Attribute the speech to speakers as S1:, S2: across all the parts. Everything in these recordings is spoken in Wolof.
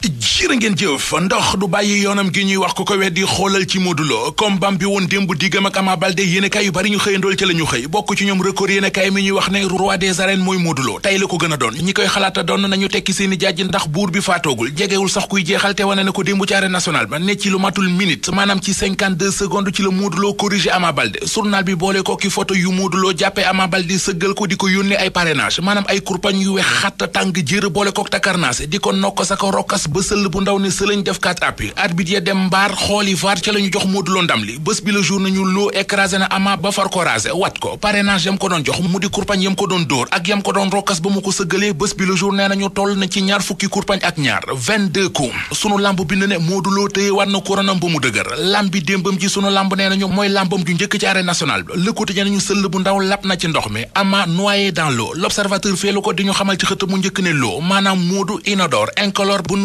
S1: jërë ngeen jëf ndox du bàyyi yoonam gi ñuy wax ku ko weddi xoolal ci Modou Lo combat bi woon démb diggam ak Ama Baldé yéenekaay yu bari ñu xëyandool ci la ñu xëy bokk ci ñoom record yéenekaay mi ñuy wax ne roi des arènes mooy Modou Lo la ko gën a doon ñi koy xalaata doon nañu tekki seeni jàjj ndax buur bi faatoogul jegewul sax kuy jeexal te wane na ko démb ci arène nationale ba ne ci lu matul minute maanaam ci 52 secondes ci la Modou Lo corrigé bi boole ko ki photo yu Modou Lo jàppee Ama Baldé sëggal ko di ko yónnee ay parrainage maanaam ay kurpañ yu wex xatt tàng jër boole ko takarnaase ko nokk sa ko ba sëll bu ndaw ne sëlañ def kat appi arbitre ya dem mbaar xooli var ca la ñu jox Modou Lo ndam li bés bi le jour nañu loo écrasé na ama ba far wat ko parrainage yam ko doon jox mu di kurpañ yam ko doon dóor ak yam ko doon rokkas ba mu ko sëggalee bés bi le jour nee nañu toll na ci ñaar fukki kurpañ ak ñaar 22 coups sunu lamb bind ne Modou Lo téye war na koronam ba mu dëgër lamb bi démbam ji sunu lamb nee nañu mooy lambam ju njëkk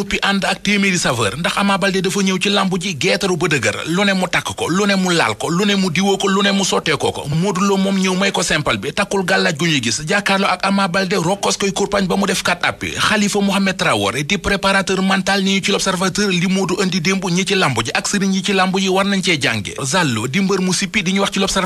S1: ci yéppi ànd ak téeméeri saveur ndax Ama dafa ñëw ci lambu ji geetaru ba dëgër lu ne mu takk ko lu ne mu laal ko lu ne mu diwoo ko lu ne mu sotteekoo ko Modou moom ñëw may ko simple bi takkul gàllaaj gu ñuy gis jàkkaarloo ak Ama Baldé koy kurpañ ba mu def kat appi Khalifa Mohamed Traoré di préparateur mental ni ñu ci l'observateur li Modou indi démb ñi ci lambu ji ak sëriñ yi ci lambu yi war nañ cee jànge Zallo di mbër mu sippi di ñu wax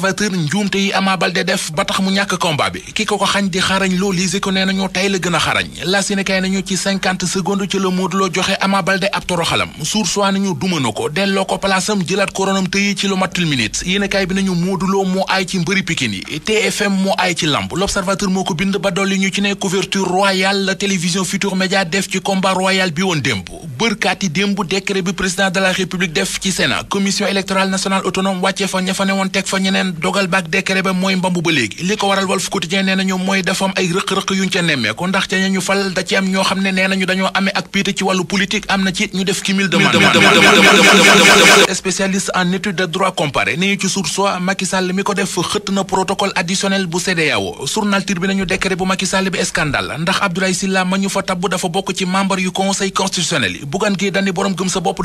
S1: a joxe Ama Baldé ab toroxalam suur nañu duma ko delloo ko palaasam jëlaat koronam tëye ci lu matul minute yéenekaay bi nañu Modou Lo moo aay ci mbëri Pikine yi TFM moo aay ci lamb L'Observateur moo ko bind ba dolli ñu ci ne couverture royale la télévision Futurs Médias def ci commission électorale nationale autonome wàccee fa ña fa ne woon teg fa ñeneen dogal baak décret ba mooy mbambu ba léegi li ko waral Walf Quotidien ci am ne nañu dañoo amee ak piite ci politique am na ci ñu def ki mille demandes de a Macky Sall mi ko def xëtt na protocole additionnel bu CEDEAO bi nañu décret bu bokk ci membre yi buggan gi dani borom gëm sa bopp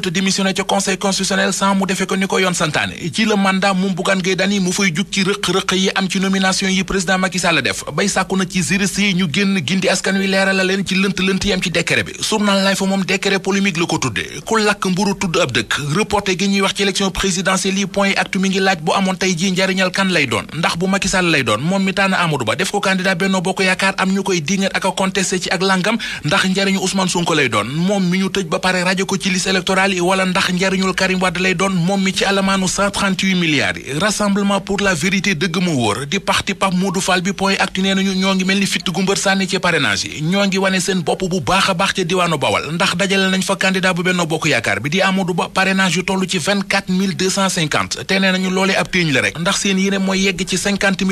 S1: a démissionné ca conseil constitutionnel sans mu defee ko ni mandat moom buggan gi dani mu fay jug rëq-rëq yi am ci nomination yi président Macky Sall def bay sàkku na ci juriste yi ñu génn gindi askan wi leeralal leen ci a contesté ci ak langam ndax njariñu Ousmane Sonko lay doon moom mi ñu tëj ba pare rajo ko ci liste électorale yi wala ndax njariñul Karim Wade lay doon moom mi ci alamaanu 138 yi rassemblement pour la vérité dëgg mu wóor di parti Pape Modou Fall bi point actu nee nañu ñoo ngi mel ni fitt gumbër sànni ci parrainage yi wane seen bopp bu baax a baax ca diwaanu Bawal ndax dajale nañ fa candidat bu Benno Bokk Yaakaar bi di Amadou Ba parrainage yu toll ci 24 nañu loolee ab téeñ la rek ndax seen yéene mooy yegg ci 50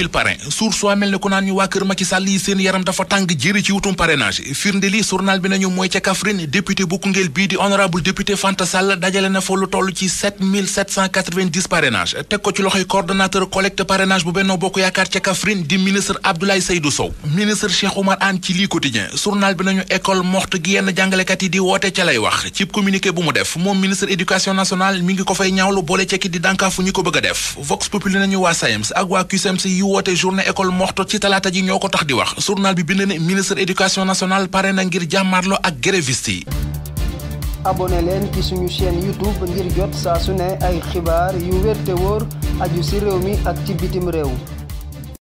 S1: suur soo mel ne ku naan ñu waa kër Macky Sall yi seen yaram dafa tàng jëri ci wutum parrainage firnde li journal bi nañu mooy ca Kaffrine député bu Koungheul bii di honorable député Fanta Sall dajale na fa lu ci 7 teg ko ci loxoy coordonnateur journal bi nañu école morte gi yenn jàngalekat yi di woote lay wax cib communiqué bu mu def moom ministre éducation nationale mi ngi ko fay ko bëgg a def vox populi nañu waa SAEMS ak waa CUSEMS e yi woote journée école morte ci talaata ji ñoo ko tax di wax journal bi bind ne ministre éducation nationale pare na ngir jàmmaarlo ak grévistes yi abonné leen ci suñu chaîne youtube ngir jot saa su ne ay xibaar yu wér te wóor aju ci réew mi ak ci bitim réew